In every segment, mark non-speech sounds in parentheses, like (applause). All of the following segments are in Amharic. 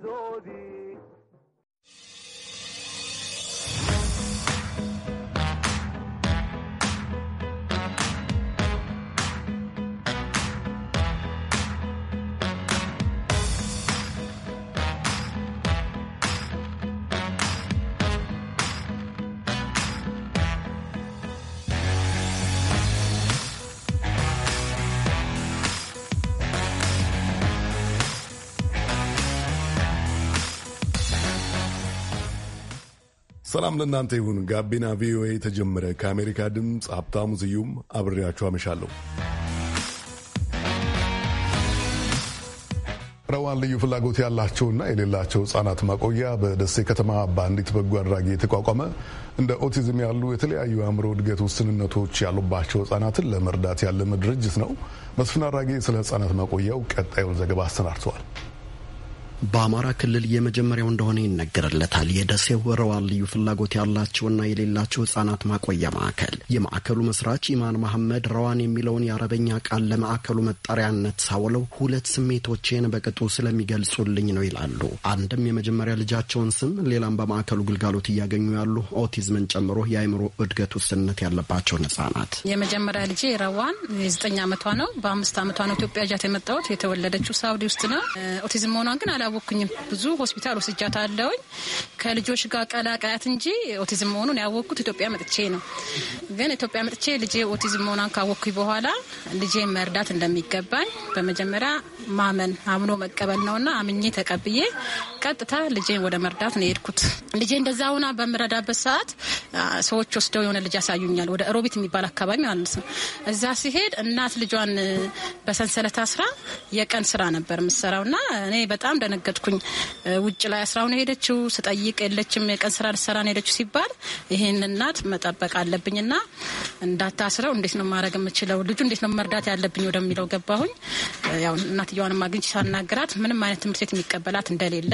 dodi ሰላም ለእናንተ ይሁን። ጋቢና ቪኦኤ ተጀመረ። ከአሜሪካ ድምፅ ሀብታሙ ስዩም አብሬያችሁ አመሻለሁ። ረዋን ልዩ ፍላጎት ያላቸውና የሌላቸው ህጻናት ማቆያ በደሴ ከተማ በአንዲት በጎ አድራጊ የተቋቋመ እንደ ኦቲዝም ያሉ የተለያዩ አእምሮ እድገት ውስንነቶች ያሉባቸው ህጻናትን ለመርዳት ያለመ ድርጅት ነው። መስፍን አድራጊ ስለ ህጻናት ማቆያው ቀጣዩን ዘገባ አሰናድተዋል። በአማራ ክልል የመጀመሪያው እንደሆነ ይነገርለታል። የደሴው ወረዋ ልዩ ፍላጎት ያላቸውና የሌላቸው ህጻናት ማቆያ ማዕከል የማዕከሉ መስራች ኢማን መሐመድ ረዋን የሚለውን የአረበኛ ቃል ለማዕከሉ መጠሪያነት ሳውለው ሁለት ስሜቶቼን በቅጡ ስለሚገልጹልኝ ነው ይላሉ። አንድም የመጀመሪያ ልጃቸውን ስም፣ ሌላም በማዕከሉ ግልጋሎት እያገኙ ያሉ ኦቲዝምን ጨምሮ የአእምሮ እድገት ውስንነት ያለባቸውን ህጻናት። የመጀመሪያ ልጄ ረዋን የዘጠኝ ዓመቷ ነው። በአምስት ዓመቷ ነው ኢትዮጵያ ጃት የመጣሁት የተወለደችው ሳውዲ ውስጥ ነው። ኦቲዝም መሆኗን ግን አላ አላወቅኩኝም። ብዙ ሆስፒታል ወስጃት አለውኝ ከልጆች ጋር ቀላቀያት እንጂ ኦቲዝም መሆኑን ያወቅኩት ኢትዮጵያ መጥቼ ነው። ግን ኢትዮጵያ መጥቼ ልጄ ኦቲዝም መሆኗን ካወቅኩኝ በኋላ ልጄ መርዳት እንደሚገባኝ በመጀመሪያ ማመን አምኖ መቀበል ነውና አምኜ ተቀብዬ ቀጥታ ልጄን ወደ መርዳት ነው የሄድኩት። ልጄ እንደዛ ሁና በምረዳበት ሰዓት ሰዎች ወስደው የሆነ ልጅ ያሳዩኛል። ወደ ሮቢት የሚባል አካባቢ ማለት ነው። እዛ ሲሄድ እናት ልጇን በሰንሰለት አስራ የቀን ስራ ነበር የምትሰራው እና እኔ በጣም ደነ አስተናገድኩኝ። ውጭ ላይ አስራ ነው ሄደችው ስጠይቅ የለችም የቀን ስራ ልሰራ ነው ሄደችው ሲባል ይህን እናት መጠበቅ ና እንዳታስረው እንዴት ነው ማድረግ የምችለው ልጁ እንዴት ነው መርዳት ያለብኝ ወደሚለው ገባሁኝ። ያው እናትየዋን አግኝቼ ሳናግራት ምንም አይነት ትምህርት ቤት የሚቀበላት እንደሌለ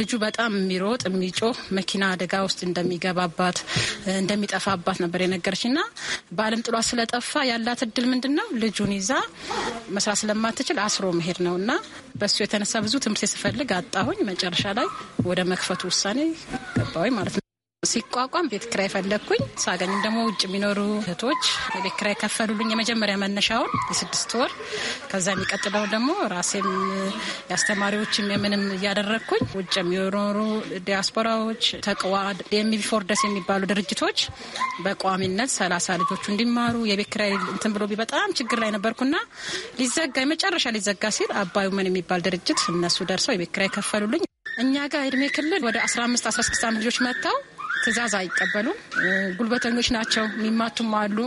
ልጁ በጣም የሚሮጥ የሚጮህ መኪና አደጋ ውስጥ እንደሚገባባት እንደሚጠፋባት ነበር የነገረችና በአለም ጥሏ ስለጠፋ ያላት እድል ምንድን ነው ልጁን ይዛ መስራት ስለማትችል አስሮ መሄድ ነው እና በእሱ የተነሳ ብዙ ትምህርት ስፈል ስፈልግ አጣሁኝ። መጨረሻ ላይ ወደ መክፈቱ ውሳኔ ገባሁኝ ማለት ነው። ሲቋቋም ቤት ክራይ ፈለግኩኝ። ሳገኝም ደግሞ ውጭ የሚኖሩ እህቶች የቤት ክራይ ከፈሉልኝ። የመጀመሪያ መነሻውን የስድስት ወር፣ ከዛ የሚቀጥለው ደግሞ ራሴም የአስተማሪዎችም የምንም እያደረግኩኝ ውጭ የሚኖሩ ዲያስፖራዎች ተቅዋ የሚፎርደስ የሚባሉ ድርጅቶች በቋሚነት ሰላሳ ልጆቹ እንዲማሩ የቤት ክራይ እንትን ብሎ በጣም ችግር ላይ ነበርኩና ሊዘጋ የመጨረሻ ሊዘጋ ሲል አባዩ ምን የሚባል ድርጅት እነሱ ደርሰው የቤት ክራይ ከፈሉልኝ። እኛ ጋር እድሜ ክልል ወደ 15 16 ዓመት ልጆች መጥተው ትእዛዝ አይቀበሉም። ጉልበተኞች ናቸው፣ የሚማቱም አሉ።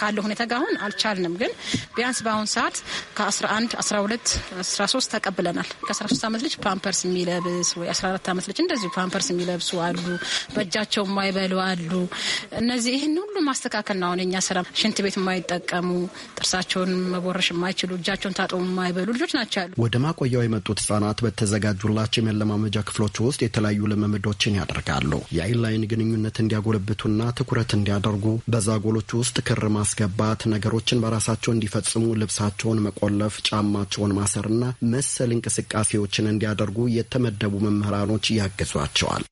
ካለ ሁኔታ ጋር አሁን አልቻልንም፣ ግን ቢያንስ በአሁን ሰዓት ከ11 12 13 ተቀብለናል። ከ13 ዓመት ልጅ ፓምፐርስ የሚለብስ ወይ 14 ዓመት ልጅ እንደዚሁ ፓምፐርስ የሚለብሱ አሉ፣ በእጃቸው የማይበሉ አሉ። እነዚህ ይህን ሁሉ ማስተካከል ነው አሁን የኛ ስራ። ሽንት ቤት የማይጠቀሙ ጥርሳቸውን መቦረሽ የማይችሉ እጃቸውን ታጥቦ የማይበሉ ልጆች ናቸው ያሉ። ወደ ማቆያው የመጡት ህጻናት በተዘጋጁላቸው የመለማመጃ ክፍሎች ውስጥ የተለያዩ ልምምዶችን ያደርጋሉ። የአይን ላይን ግንኙነት እንዲያጎለብቱና ትኩረት እንዲያደርጉ በዛ ጎሎች ውስጥ ክር ማስገባት፣ ነገሮችን በራሳቸው እንዲፈጽሙ ልብሳቸውን መቆለፍ፣ ጫማቸውን ማሰርና መሰል እንቅስቃሴዎችን እንዲያደርጉ የተመደቡ መምህራኖች ያግዟቸዋል።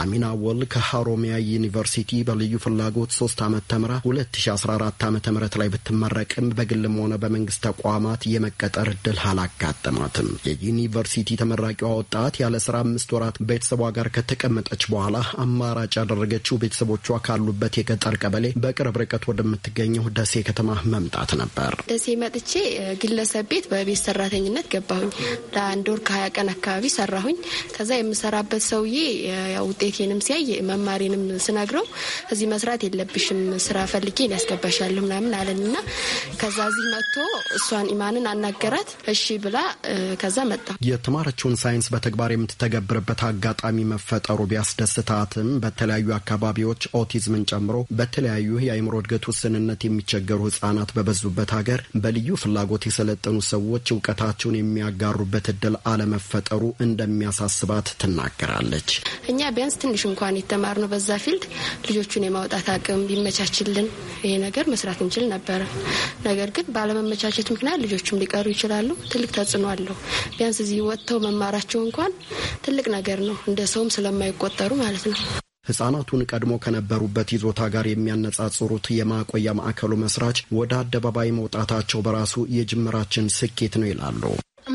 አሚና ወል ከሀሮሚያ ዩኒቨርሲቲ በልዩ ፍላጎት ሶስት ዓመት ተምራ 2014 ዓ ም ላይ ብትመረቅም በግልም ሆነ በመንግስት ተቋማት የመቀጠር እድል አላጋጠማትም። የዩኒቨርሲቲ ተመራቂዋ ወጣት ያለ ስራ አምስት ወራት ቤተሰቧ ጋር ከተቀመጠች በኋላ አማራጭ ያደረገችው ቤተሰቦቿ ካሉበት የገጠር ቀበሌ በቅርብ ርቀት ወደምትገኘው ደሴ ከተማ መምጣት ነበር። ደሴ መጥቼ ግለሰብ ቤት በቤት ሰራተኝነት ገባሁኝ። ለአንድ ወር ከሀያ ቀን አካባቢ ሰራሁኝ። ከዛ የምሰራበት ሰውዬ ውጤት ስልኬንም ሲያይ መማሪንም ስነግረው እዚህ መስራት የለብሽም ስራ ፈልጌ ያስገባሻለሁ ምናምን አለን እና ከዛ እዚህ መጥቶ እሷን ኢማንን አናገራት። እሺ ብላ ከዛ መጣ። የተማረችውን ሳይንስ በተግባር የምትተገብርበት አጋጣሚ መፈጠሩ ቢያስደስታትም በተለያዩ አካባቢዎች ኦቲዝምን ጨምሮ በተለያዩ የአይምሮ እድገት ውስንነት የሚቸገሩ ህጻናት በበዙበት ሀገር በልዩ ፍላጎት የሰለጠኑ ሰዎች እውቀታቸውን የሚያጋሩበት እድል አለመፈጠሩ እንደሚያሳስባት ትናገራለች። እኛ ቢያንስ ትንሽ እንኳን የተማርነው በዛ ፊልድ ልጆቹን የማውጣት አቅም ቢመቻችልን ይሄ ነገር መስራት እንችል ነበረ። ነገር ግን ባለመመቻቸት ምክንያት ልጆቹም ሊቀሩ ይችላሉ። ትልቅ ተጽዕኖ አለው። ቢያንስ እዚህ ወጥተው መማራቸው እንኳን ትልቅ ነገር ነው፣ እንደ ሰውም ስለማይቆጠሩ ማለት ነው። ህጻናቱን ቀድሞ ከነበሩበት ይዞታ ጋር የሚያነጻጽሩት የማቆያ ማዕከሉ መስራች ወደ አደባባይ መውጣታቸው በራሱ የጅምራችን ስኬት ነው ይላሉ።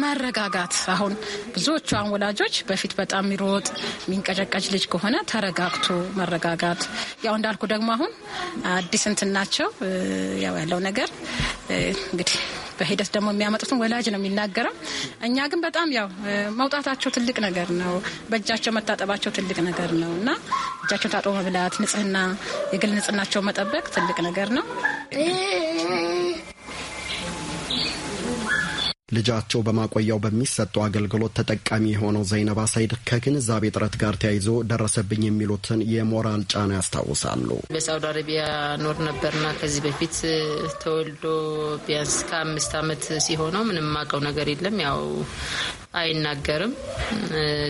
መረጋጋት አሁን ብዙዎቿን ወላጆች በፊት በጣም የሚሮጥ የሚንቀጨቀጭ ልጅ ከሆነ ተረጋግቶ መረጋጋት። ያው እንዳልኩ ደግሞ አሁን አዲስ እንትን ናቸው ያው ያለው ነገር እንግዲህ በሂደት ደግሞ የሚያመጡትን ወላጅ ነው የሚናገረው። እኛ ግን በጣም ያው መውጣታቸው ትልቅ ነገር ነው፣ በእጃቸው መታጠባቸው ትልቅ ነገር ነው እና እጃቸው ታጥቦ መብላት፣ ንጽህና፣ የግል ንጽህናቸው መጠበቅ ትልቅ ነገር ነው። ልጃቸው በማቆያው በሚሰጠው አገልግሎት ተጠቃሚ የሆነው ዘይነባ ሳይድ ከግንዛቤ ጥረት ጋር ተያይዞ ደረሰብኝ የሚሉትን የሞራል ጫና ያስታውሳሉ። በሳውዲ አረቢያ ኖር ነበርና ከዚህ በፊት ተወልዶ ቢያንስ ከአምስት ዓመት ሲሆነው ምንም ማቀው ነገር የለም ያው አይናገርም።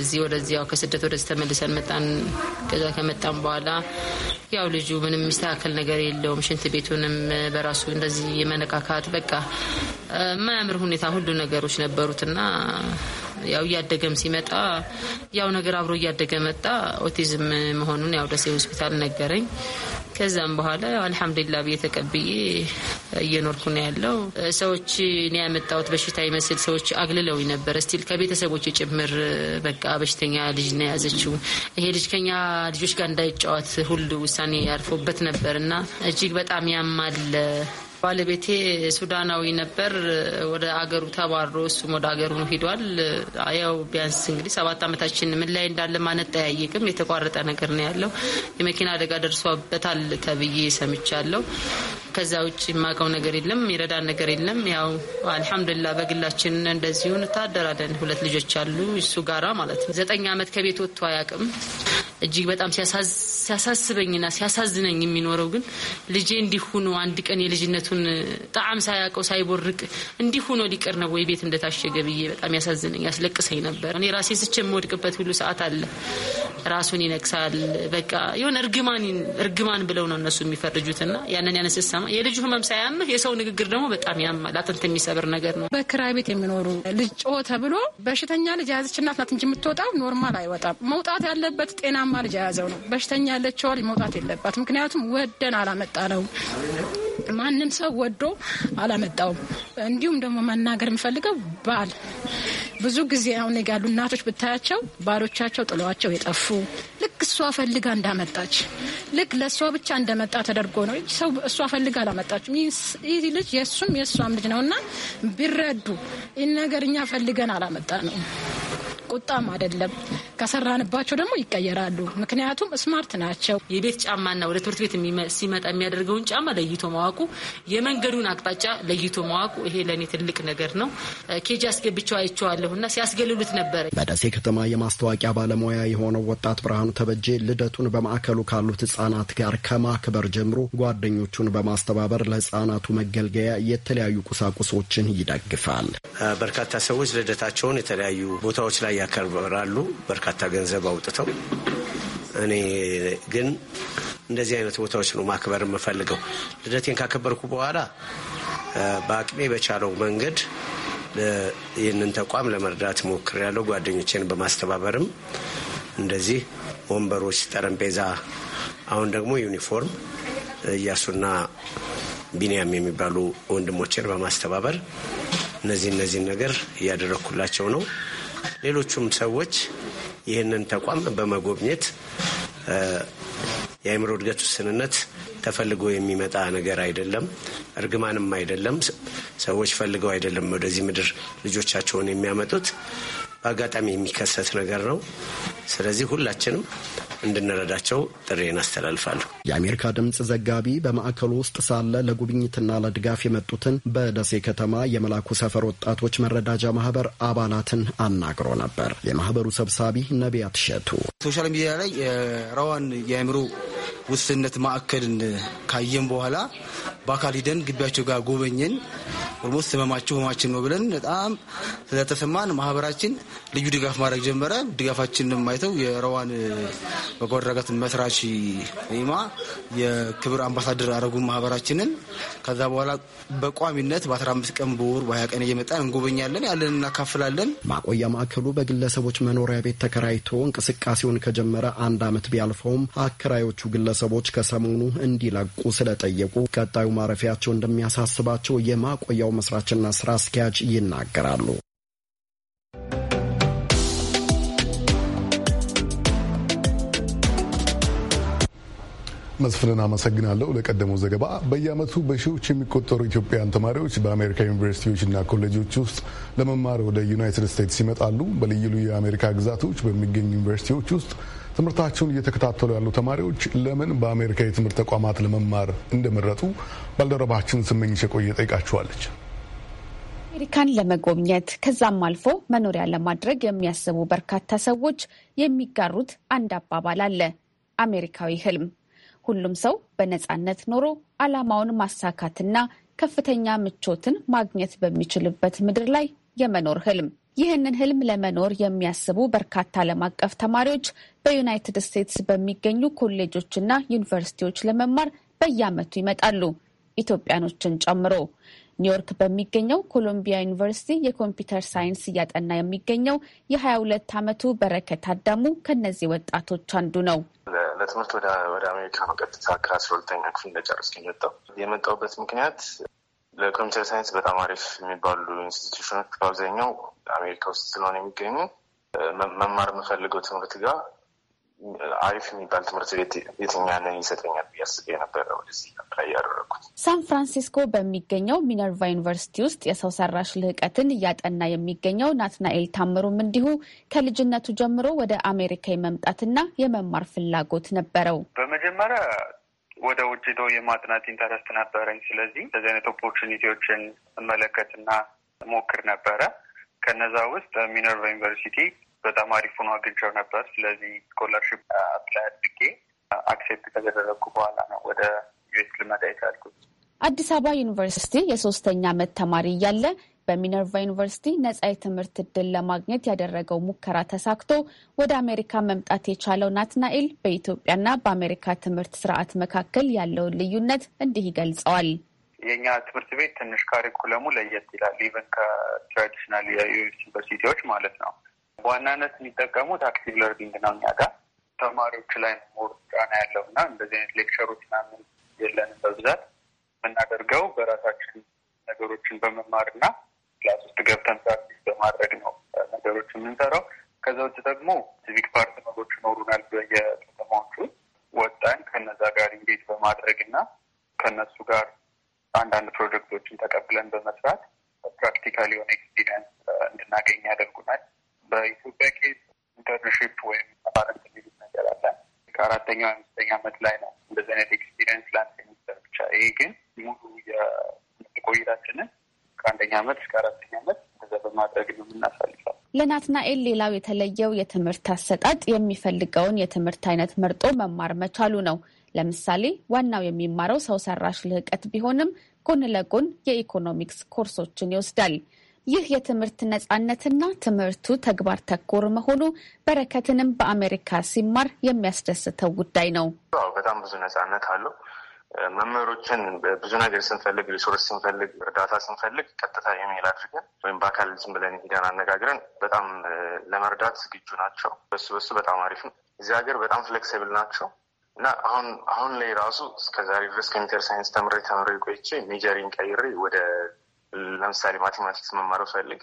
እዚህ ወደዚህ ከስደት ወደዚህ ተመልሰን መጣን። ከዛ ከመጣን በኋላ ያው ልጁ ምንም የሚስተካከል ነገር የለውም። ሽንት ቤቱንም በራሱ እንደዚህ የመነካካት በቃ የማያምር ሁኔታ ሁሉ ነገሮች ነበሩትና ያው እያደገም ሲመጣ ያው ነገር አብሮ እያደገ መጣ። ኦቲዝም መሆኑን ያው ደሴ ሆስፒታል ነገረኝ። ከዛም በኋላ አልሐምዱሊላ ብዬ ተቀብዬ እየኖርኩ ነው ያለው። ሰዎች እኔ ያመጣሁት በሽታ ይመስል ሰዎች አግልለው ነበር። ስቲል ከቤተሰቦች ጭምር በቃ በሽተኛ ልጅ ነው የያዘችው፣ ይሄ ልጅ ከኛ ልጆች ጋር እንዳይጫወት ሁሉ ውሳኔ ያርፎበት ነበር እና እጅግ በጣም ያማል ባለቤቴ ሱዳናዊ ነበር። ወደ አገሩ ተባሮ እሱም ወደ አገሩ ሂዷል። ያው ቢያንስ እንግዲህ ሰባት ዓመታችን ምን ላይ እንዳለ ጠያይቅም የተቋረጠ ነገር ነው ያለው። የመኪና አደጋ ደርሷበታል ተብዬ ሰምቻለሁ። ከዛ ውጭ የማውቀው ነገር የለም። ይረዳን ነገር የለም። ያው አልሐምዱላ በግላችን እንደዚሁ እንታደራለን። ሁለት ልጆች አሉ እሱ ጋራ ማለት ነው። ዘጠኝ ዓመት ከቤት ወጥቶ አያውቅም። እጅግ በጣም ሲያሳስበኝና ሲያሳዝነኝ የሚኖረው ግን ልጄ እንዲሁኖ አንድ ቀን የልጅነቱን ጣዕም ሳያውቀው ሳይቦርቅ እንዲሁኖ ሊቀር ነው ወይ ቤት እንደታሸገ ብዬ በጣም ያሳዝነኝ ያስለቅሰኝ ነበር። እኔ ራሴ ስቼ የምወድቅበት ሁሉ ሰዓት አለ። ራሱን ይነቅሳል። በቃ የሆነ እርግማን ብለው ነው እነሱ የሚፈርጁትና ያንን ያነስ ሰማ የልጁ ህመም ሳያምህ የሰው ንግግር ደግሞ በጣም ያማል። አጥንት የሚሰብር ነገር ነው። በክራይ ቤት የሚኖሩ ልጅ ጮ ተብሎ በሽተኛ ልጅ የያዘች እናት ናት እንጂ የምትወጣው ኖርማል አይወጣም። መውጣት ያለበት ጤናማ ጨለማ ልጅ የያዘው ነው። በሽተኛ ያለችዋ መውጣት የለባት። ምክንያቱም ወደን አላመጣ ነው። ማንም ሰው ወዶ አላመጣውም። እንዲሁም ደግሞ መናገር የምፈልገው ባል ብዙ ጊዜ አሁን ያሉ እናቶች ብታያቸው ባሎቻቸው ጥለዋቸው የጠፉ ልክ እሷ ፈልጋ እንዳመጣች ልክ ለእሷ ብቻ እንደመጣ ተደርጎ ነው። ሰው እሷ ፈልጋ አላመጣችም። ይህ ልጅ የእሱም የእሷም ልጅ ነው እና ቢረዱ ይህ ነገር እኛ ፈልገን አላመጣ ነው ቁጣም አይደለም። ከሰራንባቸው ደግሞ ይቀየራሉ። ምክንያቱም ስማርት ናቸው። የቤት ጫማና ወደ ትምህርት ቤት ሲመጣ የሚያደርገውን ጫማ ለይቶ ማወቁ፣ የመንገዱን አቅጣጫ ለይቶ ማወቁ ይሄ ለእኔ ትልቅ ነገር ነው። ኬጅ አስገብቸው አይቸዋለሁና ሲያስገልሉት ነበረ። በደሴ ከተማ የማስታወቂያ ባለሙያ የሆነው ወጣት ብርሃኑ ተበጄ ልደቱን በማዕከሉ ካሉት ህጻናት ጋር ከማክበር ጀምሮ ጓደኞቹን በማስተባበር ለህጻናቱ መገልገያ የተለያዩ ቁሳቁሶችን ይደግፋል። በርካታ ሰዎች ልደታቸውን የተለያዩ ቦታዎች ላይ ያከብራሉ በርካታ ገንዘብ አውጥተው። እኔ ግን እንደዚህ አይነት ቦታዎች ነው ማክበር የምፈልገው። ልደቴን ካከበርኩ በኋላ በአቅሜ በቻለው መንገድ ይህንን ተቋም ለመርዳት ያለው ጓደኞቼን በማስተባበርም እንደዚህ ወንበሮች፣ ጠረጴዛ፣ አሁን ደግሞ ዩኒፎርም እያሱና ቢንያም የሚባሉ ወንድሞችን በማስተባበር እነዚህ እነዚህን ነገር እያደረግኩላቸው ነው። ሌሎቹም ሰዎች ይህንን ተቋም በመጎብኘት የአእምሮ እድገት ውስንነት ተፈልጎ የሚመጣ ነገር አይደለም፣ እርግማንም አይደለም። ሰዎች ፈልገው አይደለም ወደዚህ ምድር ልጆቻቸውን የሚያመጡት በአጋጣሚ የሚከሰት ነገር ነው። ስለዚህ ሁላችንም እንድንረዳቸው ጥሬን አስተላልፋለሁ። የአሜሪካ ድምፅ ዘጋቢ በማዕከሉ ውስጥ ሳለ ለጉብኝትና ለድጋፍ የመጡትን በደሴ ከተማ የመላኩ ሰፈር ወጣቶች መረዳጃ ማህበር አባላትን አናግሮ ነበር። የማህበሩ ሰብሳቢ ነቢያት ሸቱ ሶሻል ሚዲያ ላይ ረዋን የአእምሮ ውስንነት ማዕከልን ካየን በኋላ በአካል ሂደን ግቢያቸው ጋር ጎበኘን። ኦልሞስት ህመማቸው ህመማችን ነው ብለን በጣም ስለተሰማን ማህበራችን ልዩ ድጋፍ ማድረግ ጀመረ። ድጋፋችንን ማይተው የረዋን በጎ አድራጎት መስራች ኢማ የክብር አምባሳደር አረጉን ማህበራችንን ከዛ በኋላ በቋሚነት በ15 ቀን በወር በ20 ቀን እየመጣን እንጎበኛለን፣ ያለን እናካፍላለን። ማቆያ ማዕከሉ በግለሰቦች መኖሪያ ቤት ተከራይቶ እንቅስቃሴውን ከጀመረ አንድ አመት ቢያልፈውም አከራዮቹ ግለሰቦች ከሰሞኑ እንዲለቁ ስለጠየቁ ቀጣዩ ማረፊያቸው እንደሚያሳስባቸው የማቆያው መስራችና ስራ አስኪያጅ ይናገራሉ። መስፍንን አመሰግናለሁ ለቀደመው ዘገባ። በየዓመቱ በሺዎች የሚቆጠሩ ኢትዮጵያውያን ተማሪዎች በአሜሪካ ዩኒቨርሲቲዎች እና ኮሌጆች ውስጥ ለመማር ወደ ዩናይትድ ስቴትስ ይመጣሉ። በልዩ ልዩ የአሜሪካ ግዛቶች በሚገኙ ዩኒቨርሲቲዎች ውስጥ ትምህርታቸውን እየተከታተሉ ያሉ ተማሪዎች ለምን በአሜሪካ የትምህርት ተቋማት ለመማር እንደመረጡ ባልደረባችን ስመኝሽ የቆየ ጠይቃችኋለች። አሜሪካን ለመጎብኘት ከዛም አልፎ መኖሪያ ለማድረግ የሚያስቡ በርካታ ሰዎች የሚጋሩት አንድ አባባል አለ፣ አሜሪካዊ ህልም። ሁሉም ሰው በነፃነት ኖሮ አላማውን ማሳካትና ከፍተኛ ምቾትን ማግኘት በሚችልበት ምድር ላይ የመኖር ህልም ይህንን ህልም ለመኖር የሚያስቡ በርካታ ዓለም አቀፍ ተማሪዎች በዩናይትድ ስቴትስ በሚገኙ ኮሌጆችና ዩኒቨርሲቲዎች ለመማር በየዓመቱ ይመጣሉ፣ ኢትዮጵያኖችን ጨምሮ። ኒውዮርክ በሚገኘው ኮሎምቢያ ዩኒቨርሲቲ የኮምፒውተር ሳይንስ እያጠና የሚገኘው የ22 ዓመቱ በረከት አዳሙ ከነዚህ ወጣቶች አንዱ ነው። ለትምህርት ወደ አሜሪካ በቀጥታ ከአስራ ሁለተኛ ክፍል እንደጨረስኩ የመጣው የመጣውበት ምክንያት ለኮምፒተር ሳይንስ በጣም አሪፍ የሚባሉ ኢንስቲትዩሽኖች በአብዛኛው አሜሪካ ውስጥ ስለሆነ የሚገኙ መማር የምፈልገው ትምህርት ጋር አሪፍ የሚባል ትምህርት ቤት ነ ይሰጠኛል ብዬ አስቤ ወደዚህ ላይ ያደረኩት ሳን ፍራንሲስኮ በሚገኘው ሚነርቫ ዩኒቨርሲቲ ውስጥ የሰው ሰራሽ ልህቀትን እያጠና የሚገኘው ናትናኤል ታምሩም እንዲሁ ከልጅነቱ ጀምሮ ወደ አሜሪካ የመምጣትና የመማር ፍላጎት ነበረው። በመጀመሪያ ወደ ውጭ ዶ የማጥናት ኢንተረስት ነበረኝ። ስለዚህ እንደዚህ አይነት ኦፖርቹኒቲዎችን እመለከትና ሞክር ነበረ። ከነዛ ውስጥ ሚነርቫ ዩኒቨርሲቲ በጣም አሪፍ ሆኖ አግኝቼው ነበር። ስለዚህ ስኮላርሽፕ አፕላይ uh, አድርጌ አክሴፕት uh, ከተደረግኩ በኋላ ነው ወደ ዩኤስ ልመዳ የቻልኩት። አዲስ አበባ ዩኒቨርሲቲ የሶስተኛ ዓመት ተማሪ እያለ በሚነርቫ ዩኒቨርሲቲ ነጻ የትምህርት እድል ለማግኘት ያደረገው ሙከራ ተሳክቶ ወደ አሜሪካ መምጣት የቻለው ናትናኤል በኢትዮጵያና በአሜሪካ ትምህርት ስርዓት መካከል ያለውን ልዩነት እንዲህ ይገልጸዋል። የኛ ትምህርት ቤት ትንሽ ካሪኩለሙ ለየት ይላል። ኢቨን ከትራዲሽናል ዩኒቨርሲቲዎች ማለት ነው። በዋናነት የሚጠቀሙት አክቲቭ ለርኒንግ ነው። እኛ ጋር ተማሪዎች ላይ ሞር ጫና ያለው እና እንደዚህ አይነት ሌክቸሮች ምናምን የለንም። በብዛት የምናደርገው በራሳችን ነገሮችን በመማር እና ክላስ ውስጥ ገብተን ፕራክቲስ በማድረግ ነው ነገሮች የምንሰራው። ከዛ ውጭ ደግሞ ሲቪክ ፓርትነሮች ይኖሩናል በየከተማዎቹ ወጣን ከነዛ ጋር ኢንጌጅ በማድረግ እና ከነሱ ጋር አንዳንድ ፕሮጀክቶችን ተቀብለን በመስራት ፕራክቲካል የሆነ ኤክስፒሪየንስ እንድናገኝ ያደርጉናል። በኢትዮጵያ ኬዝ ኢንተርንሽፕ ወይም አባረንት የሚሉት ነገር አለን። ከአራተኛው አምስተኛ አመት ላይ ነው እንደዚህ አይነት ኤክስፒሪየንስ ለአንድ ሴሚስተር ብቻ። ይሄ ግን ሙሉ የምትቆይታችንን ከአንደኛ አመት እስከ አራተኛ አመት እንደዛ በማድረግ ነው የምናሳልፈው። ለናትናኤል ሌላው የተለየው የትምህርት አሰጣጥ የሚፈልገውን የትምህርት አይነት መርጦ መማር መቻሉ ነው። ለምሳሌ ዋናው የሚማረው ሰው ሰራሽ ልህቀት ቢሆንም ጎን ለጎን የኢኮኖሚክስ ኮርሶችን ይወስዳል። ይህ የትምህርት ነጻነትና ትምህርቱ ተግባር ተኮር መሆኑ በረከትንም በአሜሪካ ሲማር የሚያስደስተው ጉዳይ ነው። በጣም ብዙ ነጻነት አለው። መምህሮችን ብዙ ነገር ስንፈልግ፣ ሪሶርስ ስንፈልግ፣ እርዳታ ስንፈልግ ቀጥታ ኢሜል አድርገን ወይም በአካል ዝም ብለን ሄደን አነጋግረን በጣም ለመርዳት ዝግጁ ናቸው። በሱ በሱ በጣም አሪፍ ነው። እዚህ ሀገር በጣም ፍሌክሲብል ናቸው እና አሁን አሁን ላይ ራሱ እስከዛሬ ድረስ ኮምፒውተር ሳይንስ ተምሬ ተምሬ ቆይቼ ሜጀሪን ቀይሬ ወደ ለምሳሌ ማቴማቲክስ መማረው ፈልግ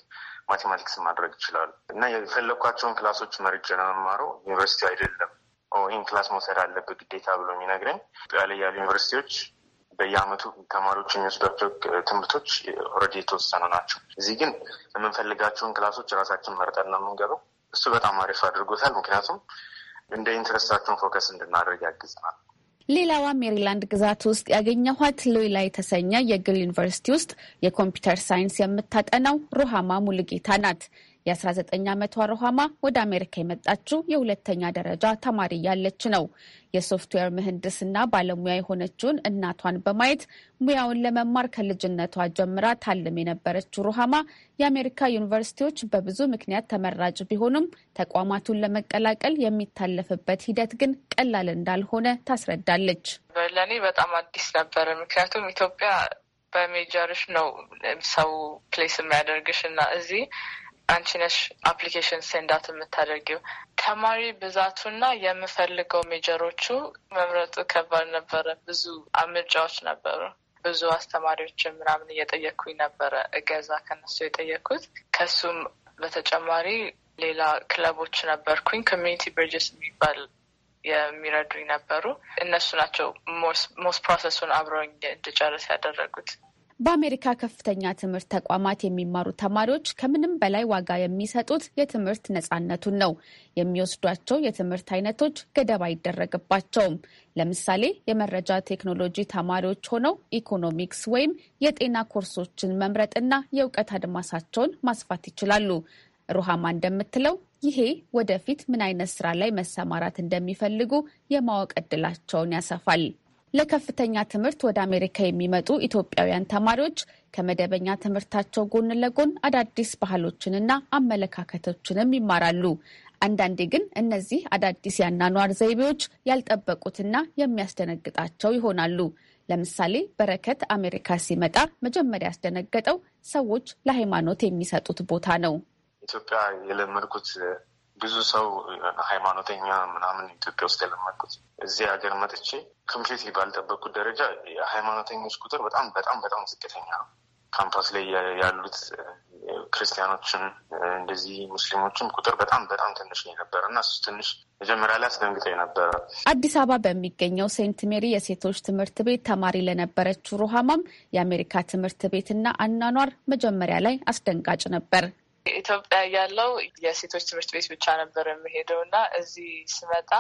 ማቴማቲክስ ማድረግ ይችላሉ እና የፈለግኳቸውን ክላሶች መርጬ ለመማረው ዩኒቨርሲቲ አይደለም ይህን ክላስ መውሰድ አለብህ ግዴታ ብሎ የሚነግረን ላይ ያሉ ዩኒቨርሲቲዎች በየአመቱ ተማሪዎች የሚወስዷቸው ትምህርቶች ኦልሬዲ የተወሰኑ ናቸው። እዚህ ግን የምንፈልጋቸውን ክላሶች ራሳችን መርጠን ነው የምንገባው። እሱ በጣም አሪፍ አድርጎታል። ምክንያቱም እንደ ኢንትረስታቸውን ፎከስ እንድናደርግ ያግዝናል። ሌላዋ ሜሪላንድ ግዛት ውስጥ ያገኘኋት ሎይላ የተሰኘ የግል ዩኒቨርሲቲ ውስጥ የኮምፒውተር ሳይንስ የምታጠናው ሩሃማ ሙሉጌታ ናት። የ19 ዓመቷ ሮሃማ ወደ አሜሪካ የመጣችው የሁለተኛ ደረጃ ተማሪ ያለች ነው። የሶፍትዌር ምህንድስና ባለሙያ የሆነችውን እናቷን በማየት ሙያውን ለመማር ከልጅነቷ ጀምራ ታልም የነበረችው ሩሃማ የአሜሪካ ዩኒቨርሲቲዎች በብዙ ምክንያት ተመራጭ ቢሆኑም ተቋማቱን ለመቀላቀል የሚታለፍበት ሂደት ግን ቀላል እንዳልሆነ ታስረዳለች። ለእኔ በጣም አዲስ ነበር፣ ምክንያቱም ኢትዮጵያ በሜጀርሽ ነው ሰው ፕሌስ የሚያደርግሽ እና እዚህ አንቺ ነሽ አፕሊኬሽን ሴንዳት የምታደርጊው። ተማሪ ብዛቱና የምፈልገው ሜጀሮቹ መምረጡ ከባድ ነበረ። ብዙ ምርጫዎች ነበሩ። ብዙ አስተማሪዎች ምናምን እየጠየኩኝ ነበረ እገዛ ከነሱ የጠየኩት ከሱም በተጨማሪ ሌላ ክለቦች ነበርኩኝ። ኮሚኒቲ ብሪጅስ የሚባል የሚረዱኝ ነበሩ። እነሱ ናቸው ሞስት ፕሮሰሱን አብረውኝ እንድጨርስ ያደረጉት። በአሜሪካ ከፍተኛ ትምህርት ተቋማት የሚማሩ ተማሪዎች ከምንም በላይ ዋጋ የሚሰጡት የትምህርት ነፃነቱን ነው። የሚወስዷቸው የትምህርት አይነቶች ገደብ አይደረግባቸውም። ለምሳሌ የመረጃ ቴክኖሎጂ ተማሪዎች ሆነው ኢኮኖሚክስ ወይም የጤና ኮርሶችን መምረጥና የእውቀት አድማሳቸውን ማስፋት ይችላሉ። ሩሃማ እንደምትለው ይሄ ወደፊት ምን አይነት ስራ ላይ መሰማራት እንደሚፈልጉ የማወቅ እድላቸውን ያሰፋል። ለከፍተኛ ትምህርት ወደ አሜሪካ የሚመጡ ኢትዮጵያውያን ተማሪዎች ከመደበኛ ትምህርታቸው ጎን ለጎን አዳዲስ ባህሎችንና አመለካከቶችንም ይማራሉ። አንዳንዴ ግን እነዚህ አዳዲስ የአኗኗር ዘይቤዎች ያልጠበቁትና የሚያስደነግጣቸው ይሆናሉ። ለምሳሌ በረከት አሜሪካ ሲመጣ መጀመሪያ ያስደነገጠው ሰዎች ለሃይማኖት የሚሰጡት ቦታ ነው። ኢትዮጵያ የለመድኩት ብዙ ሰው ሃይማኖተኛ ምናምን ኢትዮጵያ ውስጥ የለመድኩት እዚህ ሀገር መጥቼ ኮምፕሊት ባልጠበቅኩት ደረጃ የሃይማኖተኞች ቁጥር በጣም በጣም በጣም ዝቅተኛ ነው። ካምፓስ ላይ ያሉት ክርስቲያኖችም እንደዚህ ሙስሊሞችም ቁጥር በጣም በጣም ትንሽ ነው የነበረ እና እሱ ትንሽ መጀመሪያ ላይ አስደንግጠኝ ነበረ። አዲስ አበባ በሚገኘው ሴንት ሜሪ የሴቶች ትምህርት ቤት ተማሪ ለነበረችው ሩሃማም የአሜሪካ ትምህርት ቤትና አኗኗር መጀመሪያ ላይ አስደንጋጭ ነበር። ኢትዮጵያ ያለው የሴቶች ትምህርት ቤት ብቻ ነበር የሚሄደው እና እዚህ ስመጣ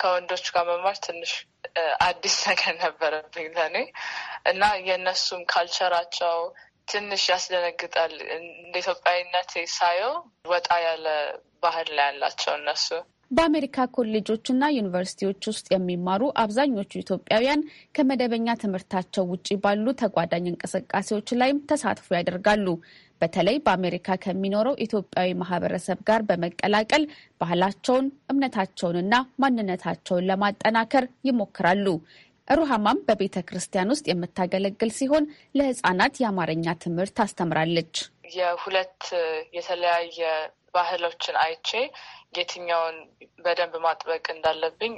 ከወንዶች ጋር መማር ትንሽ አዲስ (laughs) ነገር ነበረብኝ ለእኔ እና የእነሱም ካልቸራቸው ትንሽ ያስደነግጣል። እንደ ኢትዮጵያዊነት ሳየው ወጣ ያለ ባህል ላይ ያላቸው እነሱ በአሜሪካ ኮሌጆችና ዩኒቨርሲቲዎች ውስጥ የሚማሩ አብዛኞቹ ኢትዮጵያውያን ከመደበኛ ትምህርታቸው ውጭ ባሉ ተጓዳኝ እንቅስቃሴዎች ላይም ተሳትፎ ያደርጋሉ። በተለይ በአሜሪካ ከሚኖረው ኢትዮጵያዊ ማህበረሰብ ጋር በመቀላቀል ባህላቸውን፣ እምነታቸውንና ማንነታቸውን ለማጠናከር ይሞክራሉ። ሩሃማም በቤተ ክርስቲያን ውስጥ የምታገለግል ሲሆን ለህጻናት የአማርኛ ትምህርት ታስተምራለች። የሁለት የተለያየ ባህሎችን አይቼ የትኛውን በደንብ ማጥበቅ እንዳለብኝ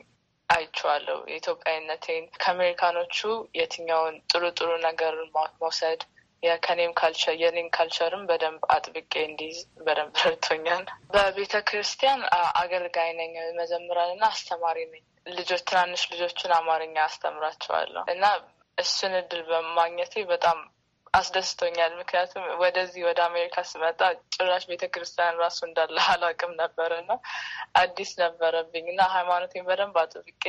አይቼዋለሁ። የኢትዮጵያዊነቴን ከአሜሪካኖቹ የትኛውን ጥሩ ጥሩ ነገር መውሰድ የከኔም ካልቸር የኔን ካልቸርም በደንብ አጥብቄ እንዲይዝ በደንብ ረድቶኛል። በቤተ ክርስቲያን አገልጋይ ነኝ፣ መዘምራን መዘምራንና አስተማሪ ነኝ። ልጆች ትናንሽ ልጆችን አማርኛ አስተምራቸዋለሁ እና እሱን እድል በማግኘቴ በጣም አስደስቶኛል። ምክንያቱም ወደዚህ ወደ አሜሪካ ስመጣ ጭራሽ ቤተ ክርስቲያን ራሱ እንዳለ አላውቅም ነበረና አዲስ ነበረብኝ እና ሃይማኖቴን በደንብ አጥብቄ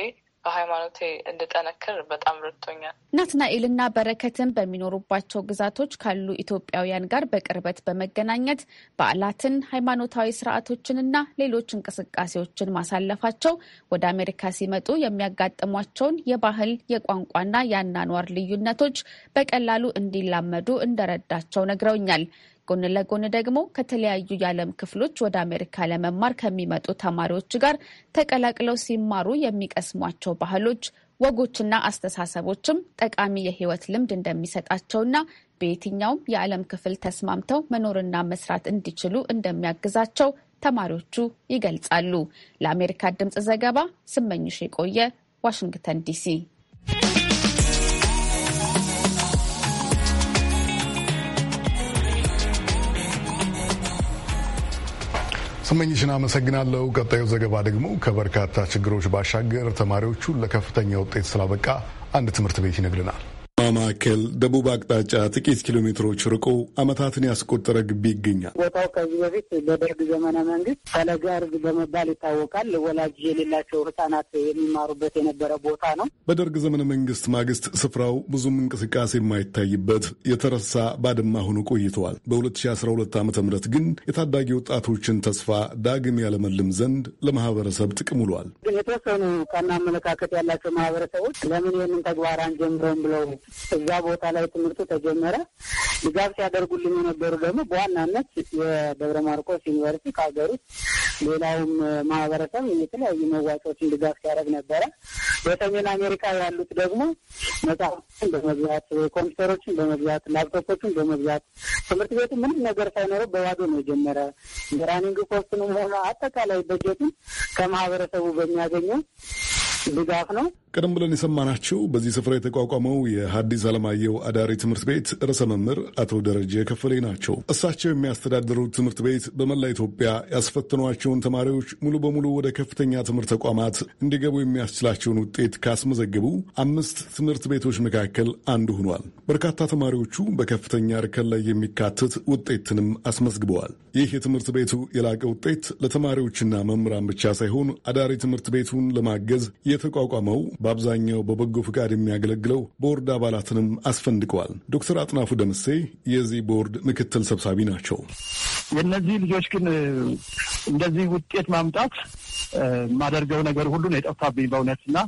በሃይማኖቴ እንድጠነክር በጣም ረድቶኛል። ናትናኤልና በረከትን በሚኖሩባቸው ግዛቶች ካሉ ኢትዮጵያውያን ጋር በቅርበት በመገናኘት በዓላትን፣ ሃይማኖታዊ ስርዓቶችንና ሌሎች እንቅስቃሴዎችን ማሳለፋቸው ወደ አሜሪካ ሲመጡ የሚያጋጥሟቸውን የባህል የቋንቋና የአናኗር ልዩነቶች በቀላሉ እንዲላመዱ እንደረዳቸው ነግረውኛል። ጎን ለጎን ደግሞ ከተለያዩ የዓለም ክፍሎች ወደ አሜሪካ ለመማር ከሚመጡ ተማሪዎች ጋር ተቀላቅለው ሲማሩ የሚቀስሟቸው ባህሎች፣ ወጎችና አስተሳሰቦችም ጠቃሚ የህይወት ልምድ እንደሚሰጣቸውና በየትኛውም የዓለም ክፍል ተስማምተው መኖርና መስራት እንዲችሉ እንደሚያግዛቸው ተማሪዎቹ ይገልጻሉ። ለአሜሪካ ድምፅ ዘገባ ስመኝሽ የቆየ ዋሽንግተን ዲሲ። ስመኝሽን አመሰግናለሁ። ቀጣዩ ዘገባ ደግሞ ከበርካታ ችግሮች ባሻገር ተማሪዎቹን ለከፍተኛ ውጤት ስላበቃ አንድ ትምህርት ቤት ይነግረናል። ማዕከል ደቡብ አቅጣጫ ጥቂት ኪሎ ሜትሮች ርቆ ዓመታትን ያስቆጠረ ግቢ ይገኛል። ቦታው ከዚህ በፊት በደርግ ዘመነ መንግስት ፈለገ በመባል ይታወቃል። ወላጅ የሌላቸው ህፃናት የሚማሩበት የነበረ ቦታ ነው። በደርግ ዘመነ መንግስት ማግስት ስፍራው ብዙም እንቅስቃሴ የማይታይበት የተረሳ ባድማ ሆኖ ቆይተዋል። በ2012 ዓ ም ግን የታዳጊ ወጣቶችን ተስፋ ዳግም ያለመልም ዘንድ ለማህበረሰብ ጥቅም ውሏል። የተወሰኑ ቀና አመለካከት ያላቸው ማህበረሰቦች ለምን ይህንን ተግባር አንጀምረን ብለው እዛ ቦታ ላይ ትምህርቱ ተጀመረ። ድጋፍ ሲያደርጉልን የነበሩ ደግሞ በዋናነት የደብረ ማርቆስ ዩኒቨርሲቲ ከሀገር ውስጥ ሌላውም ማህበረሰብ የተለያዩ መዋጮችን ድጋፍ ሲያደርግ ነበረ። በሰሜን አሜሪካ ያሉት ደግሞ መጽሐፎችን በመግዛት ኮምፒውተሮችን በመግዛት ላፕቶፖችን በመግዛት ትምህርት ቤቱ ምንም ነገር ሳይኖረው በባዶ ነው የጀመረ። የራኒንግ ኮስትንም ሆነ አጠቃላይ በጀቱን ከማህበረሰቡ በሚያገኘው ድጋፍ ነው። ቀደም ብለን የሰማናቸው በዚህ ስፍራ የተቋቋመው የሐዲስ ዓለማየሁ አዳሪ ትምህርት ቤት ርዕሰ መምህር አቶ ደረጀ ከፈሌ ናቸው። እሳቸው የሚያስተዳድሩት ትምህርት ቤት በመላ ኢትዮጵያ ያስፈተኗቸውን ተማሪዎች ሙሉ በሙሉ ወደ ከፍተኛ ትምህርት ተቋማት እንዲገቡ የሚያስችላቸውን ውጤት ካስመዘግቡ አምስት ትምህርት ቤቶች መካከል አንዱ ሆኗል። በርካታ ተማሪዎቹ በከፍተኛ እርከን ላይ የሚካተት ውጤትንም አስመዝግበዋል። ይህ የትምህርት ቤቱ የላቀ ውጤት ለተማሪዎችና መምህራን ብቻ ሳይሆን አዳሪ ትምህርት ቤቱን ለማገዝ የተቋቋመው በአብዛኛው በበጎ ፍቃድ የሚያገለግለው ቦርድ አባላትንም አስፈንድቀዋል። ዶክተር አጥናፉ ደምሴ የዚህ ቦርድ ምክትል ሰብሳቢ ናቸው። የእነዚህ ልጆች ግን እንደዚህ ውጤት ማምጣት የማደርገው ነገር ሁሉ ነው የጠፋብኝ በእውነትና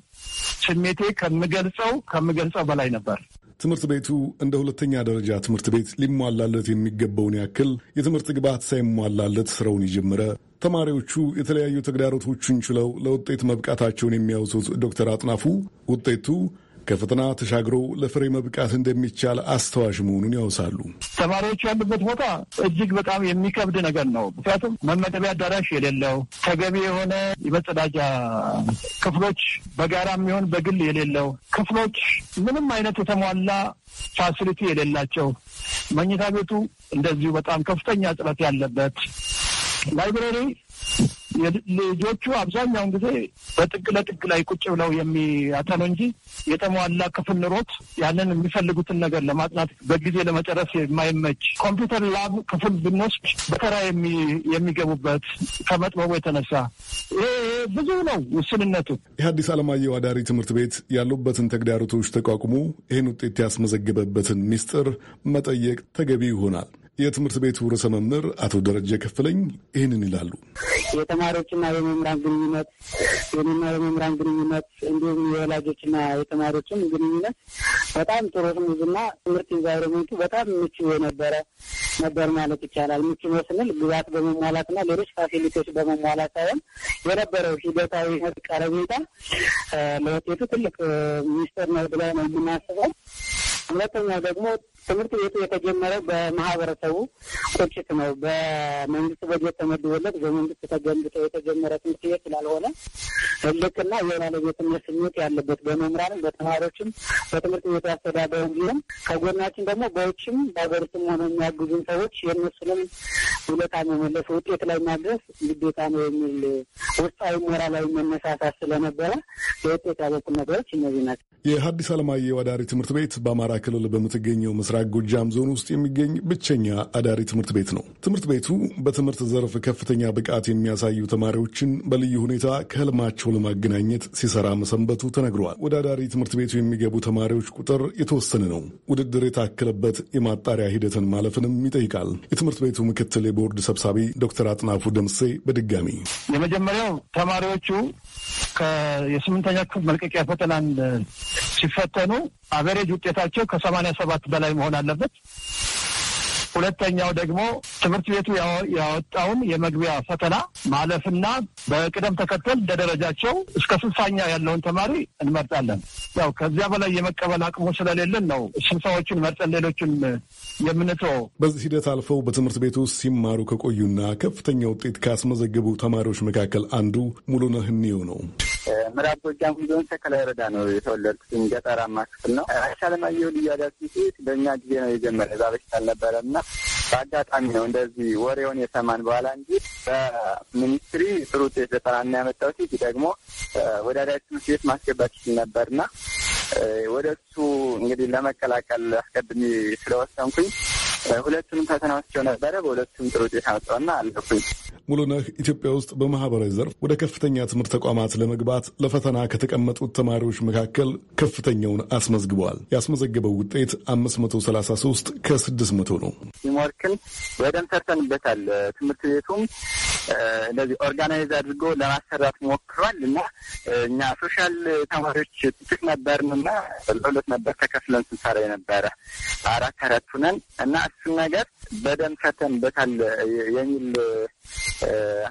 ስሜቴ ከምገልጸው ከምገልጸው በላይ ነበር። ትምህርት ቤቱ እንደ ሁለተኛ ደረጃ ትምህርት ቤት ሊሟላለት የሚገባውን ያክል የትምህርት ግብዓት ሳይሟላለት ስራውን ይጀምረ ተማሪዎቹ የተለያዩ ተግዳሮቶችን ችለው ለውጤት መብቃታቸውን የሚያውሱት ዶክተር አጥናፉ ውጤቱ ከፈተና ተሻግሮ ለፍሬ መብቃት እንደሚቻል አስተዋሽ መሆኑን ያውሳሉ። ተማሪዎች ያሉበት ቦታ እጅግ በጣም የሚከብድ ነገር ነው። ምክንያቱም መመገቢያ አዳራሽ የሌለው ተገቢ የሆነ የመጸዳጃ ክፍሎች በጋራ የሚሆን በግል የሌለው ክፍሎች ምንም አይነት የተሟላ ፋሲሊቲ የሌላቸው መኝታ ቤቱ እንደዚሁ በጣም ከፍተኛ ጥረት ያለበት ላይብረሪ ልጆቹ አብዛኛውን ጊዜ በጥግ ለጥግ ላይ ቁጭ ብለው የሚያጠኑ እንጂ የተሟላ ክፍል ኑሮት ያንን የሚፈልጉትን ነገር ለማጥናት በጊዜ ለመጨረስ የማይመች ኮምፒውተር ላብ ክፍል ብንወስድ በተራ የሚገቡበት ከመጥበቡ የተነሳ ብዙ ነው ውስንነቱ። የሐዲስ ዓለማየሁ አዳሪ ትምህርት ቤት ያሉበትን ተግዳሮቶች ተቋቁሞ ይህን ውጤት ያስመዘገበበትን ሚስጥር መጠየቅ ተገቢ ይሆናል። የትምህርት ቤቱ ርዕሰ መምህር አቶ ደረጀ ከፍለኝ ይህንን ይላሉ። የተማሪዎችና የመምህራን ግንኙነት የኔና የመምህራን ግንኙነት እንዲሁም የወላጆችና የተማሪዎችን ግንኙነት በጣም ጥሩ ስሙዝና ትምህርት ኢንቫይሮመንቱ በጣም ምቹ የነበረ ነበር ማለት ይቻላል። ምቹ ነው ስንል ግባት በመሟላትና ሌሎች ፋሲሊቲዎች በመሟላት ሳይሆን የነበረው ሂደታዊ ቀረቤታ ለውጤቱ ትልቅ ሚስጥር ነው ብለን ነው የምናስበው። ሁለተኛው ደግሞ ትምህርት ቤቱ የተጀመረው በማህበረሰቡ ቁጭት ነው። በመንግስት በጀት ተመድቦለት በመንግስት ተገንብቶ የተጀመረ ትምህርት ቤት ስላልሆነ ትልቅና የባለቤትነት ስሜት ያለበት በመምህራንም፣ በተማሪዎችም፣ በትምህርት ቤቱ አስተዳደር እንዲሁም ከጎናችን ደግሞ በውጭም በሀገሪቱም ሆነ የሚያግዙን ሰዎች የእነሱንም ውለታ መመለስ ውጤት ላይ ማድረስ ግዴታ ነው የሚል ውስጣዊ ሞራላዊ መነሳሳት ስለነበረ ለውጤት ያበቁ ነገሮች እነዚህ ናቸው። የሐዲስ ዓለማየሁ አዳሪ ትምህርት ቤት በአማራ ክልል በምትገኘው ምስራቅ ጎጃም ዞን ውስጥ የሚገኝ ብቸኛ አዳሪ ትምህርት ቤት ነው። ትምህርት ቤቱ በትምህርት ዘርፍ ከፍተኛ ብቃት የሚያሳዩ ተማሪዎችን በልዩ ሁኔታ ከህልማቸው ለማገናኘት ሲሰራ መሰንበቱ ተነግሯል። ወደ አዳሪ ትምህርት ቤቱ የሚገቡ ተማሪዎች ቁጥር የተወሰነ ነው። ውድድር የታከለበት የማጣሪያ ሂደትን ማለፍንም ይጠይቃል። የትምህርት ቤቱ ምክትል የቦርድ ሰብሳቢ ዶክተር አጥናፉ ደምሴ በድጋሚ የመጀመሪያው ተማሪዎቹ የስምንተኛ ክፍል መልቀቂያ ፈተናን ሲፈተኑ አቨሬጅ ውጤታቸው ከሰማንያ ሰባት በላይ መሆን አለበት። ሁለተኛው ደግሞ ትምህርት ቤቱ ያወጣውን የመግቢያ ፈተና ማለፍና በቅደም ተከተል እንደ ደረጃቸው እስከ ስልሳኛ ያለውን ተማሪ እንመርጣለን። ያው ከዚያ በላይ የመቀበል አቅሙ ስለሌለን ነው ስልሳዎቹን መርጠን ሌሎችን የምንተው። በዚህ ሂደት አልፈው በትምህርት ቤት ውስጥ ሲማሩ ከቆዩና ከፍተኛ ውጤት ካስመዘገቡ ተማሪዎች መካከል አንዱ ሙሉነህ እንየው ነው። ምዕራብ ጎጃም ዞን ተከላይ ወረዳ ነው የተወለድኩት። ገጠራማ ክፍል ነው። አይሻ ለማየሁ ልዩ አዳሲሴ በእኛ ጊዜ ነው የጀመረ። እዛ በሽታ አልነበረም እና በአጋጣሚ ነው እንደዚህ ወሬውን የሰማን በኋላ እንጂ በሚኒስትሪ ጥሩ ውጤት ዘጠናና ያመጣው ሴት ደግሞ ወዳዳችሁ ሴት ማስገባት ይችል ነበርና ወደ እሱ እንግዲህ ለመቀላቀል አስቀድሜ ስለወሰንኩኝ ሁለቱንም ፈተናዎች ነበረ። በሁለቱም ጥሩ ውጤት አወጣሁና አለፍኩኝ። ሙሉነህ ኢትዮጵያ ውስጥ በማህበራዊ ዘርፍ ወደ ከፍተኛ ትምህርት ተቋማት ለመግባት ለፈተና ከተቀመጡት ተማሪዎች መካከል ከፍተኛውን አስመዝግበዋል። ያስመዘገበው ውጤት 533 ከ600 ነው። ሲሞርክን በደንብ ሰርተንበታል። ትምህርት ቤቱም እንደዚህ ኦርጋናይዝ አድርጎ ለማሰራት ሞክሯል እና እኛ ሶሻል ተማሪዎች ጥቂት ነበርን እና ለሁለት ነበር ተከፍለን ስንሰራ የነበረ አራት አራት ሁነን እና እሱን ነገር በደንብ ከተንበታል የሚል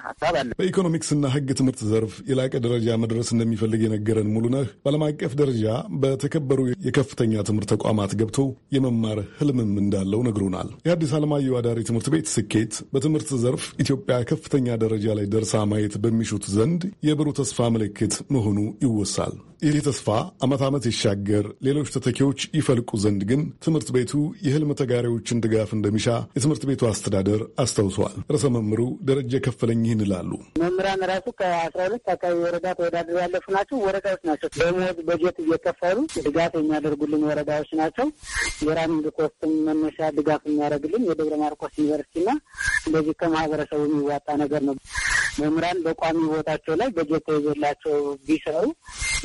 ሀሳብ አለ። በኢኮኖሚክስና ሕግ ትምህርት ዘርፍ የላቀ ደረጃ መድረስ እንደሚፈልግ የነገረን ሙሉነህ በዓለም አቀፍ ደረጃ በተከበሩ የከፍተኛ ትምህርት ተቋማት ገብቶ የመማር ህልምም እንዳለው ነግሮናል። የአዲስ አለማየሁ አዳሪ ትምህርት ቤት ስኬት በትምህርት ዘርፍ ኢትዮጵያ ከፍተኛ ደረጃ ላይ ደርሳ ማየት በሚሹት ዘንድ የብሩህ ተስፋ ምልክት መሆኑ ይወሳል። ይህ ተስፋ ዓመት ዓመት ይሻገር፣ ሌሎች ተተኪዎች ይፈልቁ ዘንድ ግን ትምህርት ቤቱ የህልም ተጋሪዎችን ድጋፍ እንደሚሻ የትምህርት ቤቱ አስተዳደር አስታውሰዋል። ርዕሰ መምህሩ ደረጀ ከፈለኝ ይህን ይላሉ። መምህራን ራሱ ከአስራ ሁለት አካባቢ ወረዳ ተወዳድረው ያለፉ ናቸው። ወረዳዎች ናቸው በሞት በጀት እየከፈሉ ድጋፍ የሚያደርጉልን ወረዳዎች ናቸው። የራኒንግ ኮስትም መነሻ ድጋፍ የሚያደርግልን የደብረ ማርቆስ ዩኒቨርሲቲና እንደዚህ ከማህበረሰቡ የሚዋጣ ነገር ነው። መምህራን በቋሚ ቦታቸው ላይ በጀት ተይዞላቸው ቢሰሩ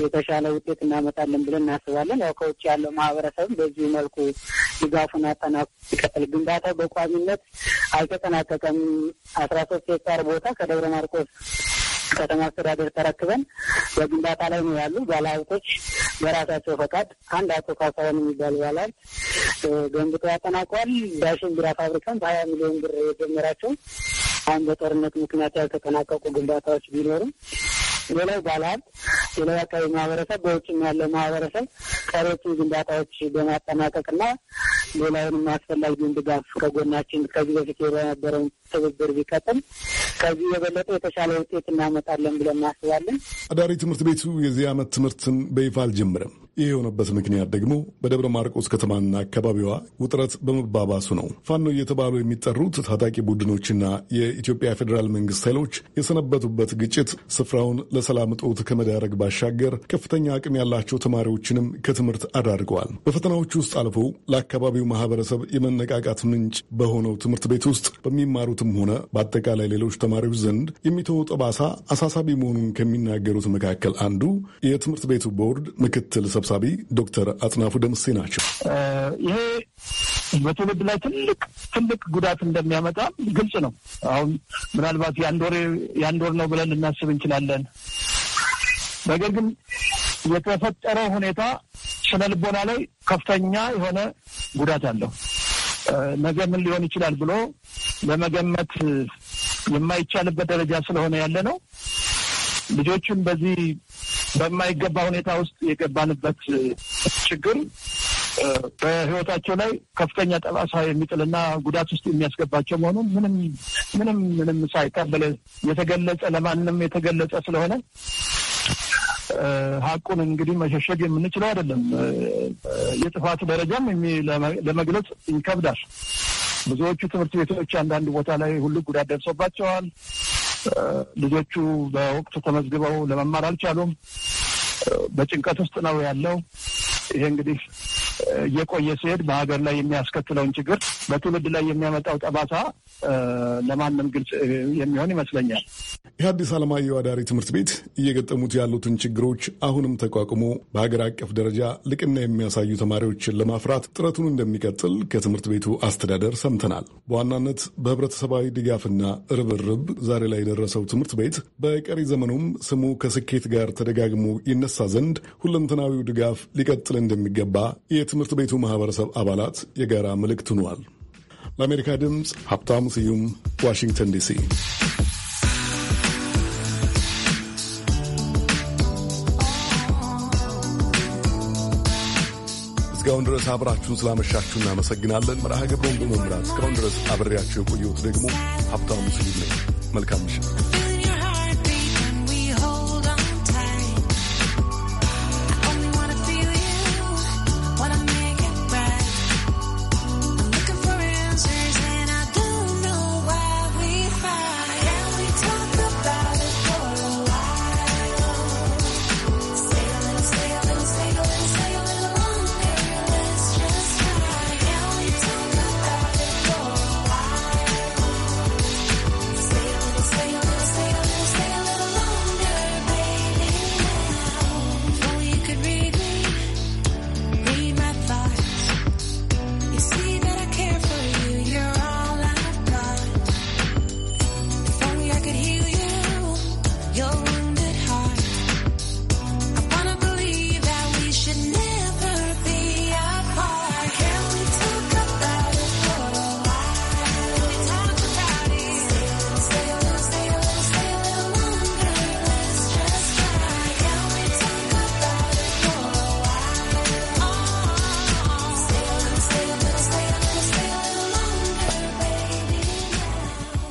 የተሻለ ውጤት እናመጣለን ብለን እናስባለን። ያው ከውጭ ያለው ማህበረሰብ በዚህ መልኩ ድጋፉን አጠናክሮ ይቀጥል። ግንባታው በቋሚነት አልተጠናቀቀም። አስራ ሶስት ሄክታር ቦታ ከደብረ ማርቆስ ከተማ አስተዳደር ተረክበን በግንባታ ላይ ነው ያሉ ባለሀብቶች በራሳቸው ፈቃድ አንድ አቶ ካሳሆን የሚባል ባለሀብት ገንብቶ ያጠናቋል። ዳሽን ቢራ ፋብሪካን በሀያ ሚሊዮን ብር የጀመራቸው አሁን በጦርነት ምክንያት ያልተጠናቀቁ ግንባታዎች ቢኖሩም ሌላው ባለሀብት፣ ሌላው አካባቢ ማህበረሰብ፣ በውጭም ያለው ማህበረሰብ ቀሪዎችን ግንባታዎች በማጠናቀቅና ሌላውንም አስፈላጊውን ድጋፍ ከጎናችን ከዚህ በፊት የነበረውን ትብብር ቢቀጥል ከዚህ የበለጠ የተሻለ ውጤት እናመጣለን ብለን እናስባለን። አዳሪ ትምህርት ቤቱ የዚህ ዓመት ትምህርትን በይፋ አልጀምርም። ይህ የሆነበት ምክንያት ደግሞ በደብረ ማርቆስ ከተማና አካባቢዋ ውጥረት በመባባሱ ነው። ፋኖ እየተባሉ የሚጠሩት ታጣቂ ቡድኖችና የኢትዮጵያ ፌዴራል መንግስት ኃይሎች የሰነበቱበት ግጭት ስፍራውን ለሰላም እጦት ከመዳረግ ባሻገር ከፍተኛ አቅም ያላቸው ተማሪዎችንም ከትምህርት አዳርገዋል። በፈተናዎች ውስጥ አልፎ ለአካባቢው ማህበረሰብ የመነቃቃት ምንጭ በሆነው ትምህርት ቤት ውስጥ በሚማሩትም ሆነ በአጠቃላይ ሌሎች ተማሪዎች ዘንድ የሚተወ ጠባሳ አሳሳቢ መሆኑን ከሚናገሩት መካከል አንዱ የትምህርት ቤቱ ቦርድ ምክትል ሰብ ሰብሳቢ ዶክተር አጽናፉ ደምሴ ናቸው። ይሄ በትውልድ ላይ ትልቅ ትልቅ ጉዳት እንደሚያመጣ ግልጽ ነው። አሁን ምናልባት የአንድ ወር ነው ብለን ልናስብ እንችላለን። ነገር ግን የተፈጠረው ሁኔታ ስነ ልቦና ላይ ከፍተኛ የሆነ ጉዳት አለው። ነገ ምን ሊሆን ይችላል ብሎ ለመገመት የማይቻልበት ደረጃ ስለሆነ ያለ ነው። ልጆችን በዚህ በማይገባ ሁኔታ ውስጥ የገባንበት ችግር በህይወታቸው ላይ ከፍተኛ ጠባሳ የሚጥልና ጉዳት ውስጥ የሚያስገባቸው መሆኑን ምንም ምንም ምንም ሳይቀበል የተገለጸ ለማንም የተገለጸ ስለሆነ ሀቁን እንግዲህ መሸሸግ የምንችለው አይደለም። የጥፋቱ ደረጃም ለመግለጽ ይከብዳል። ብዙዎቹ ትምህርት ቤቶች አንዳንድ ቦታ ላይ ሁሉ ጉዳት ደርሶባቸዋል። ልጆቹ በወቅቱ ተመዝግበው ለመማር አልቻሉም። በጭንቀት ውስጥ ነው ያለው። ይሄ እንግዲህ እየቆየ ሲሄድ በሀገር ላይ የሚያስከትለውን ችግር በትውልድ ላይ የሚያመጣው ጠባሳ ለማንም ግልጽ የሚሆን ይመስለኛል። የሐዲስ ዓለማየሁ አዳሪ ትምህርት ቤት እየገጠሙት ያሉትን ችግሮች አሁንም ተቋቁሞ በሀገር አቀፍ ደረጃ ልቅና የሚያሳዩ ተማሪዎችን ለማፍራት ጥረቱን እንደሚቀጥል ከትምህርት ቤቱ አስተዳደር ሰምተናል። በዋናነት በህብረተሰባዊ ድጋፍና ርብርብ ዛሬ ላይ የደረሰው ትምህርት ቤት በቀሪ ዘመኑም ስሙ ከስኬት ጋር ተደጋግሞ ይነሳ ዘንድ ሁለንተናዊው ድጋፍ ሊቀጥል እንደሚገባ የትምህርት ቤቱ ማህበረሰብ አባላት የጋራ ምልክት ሆኗል። ለአሜሪካ ድምፅ ሀብታሙ ስዩም ዋሽንግተን ዲሲ። እስካሁን ድረስ አብራችሁን ስላመሻችሁ እናመሰግናለን። መርሃ ግብሩን በመምራት እስካሁን ድረስ አብሬያችሁ የቆየሁት ደግሞ ሀብታሙ ስዩም ነው። መልካም ምሽት።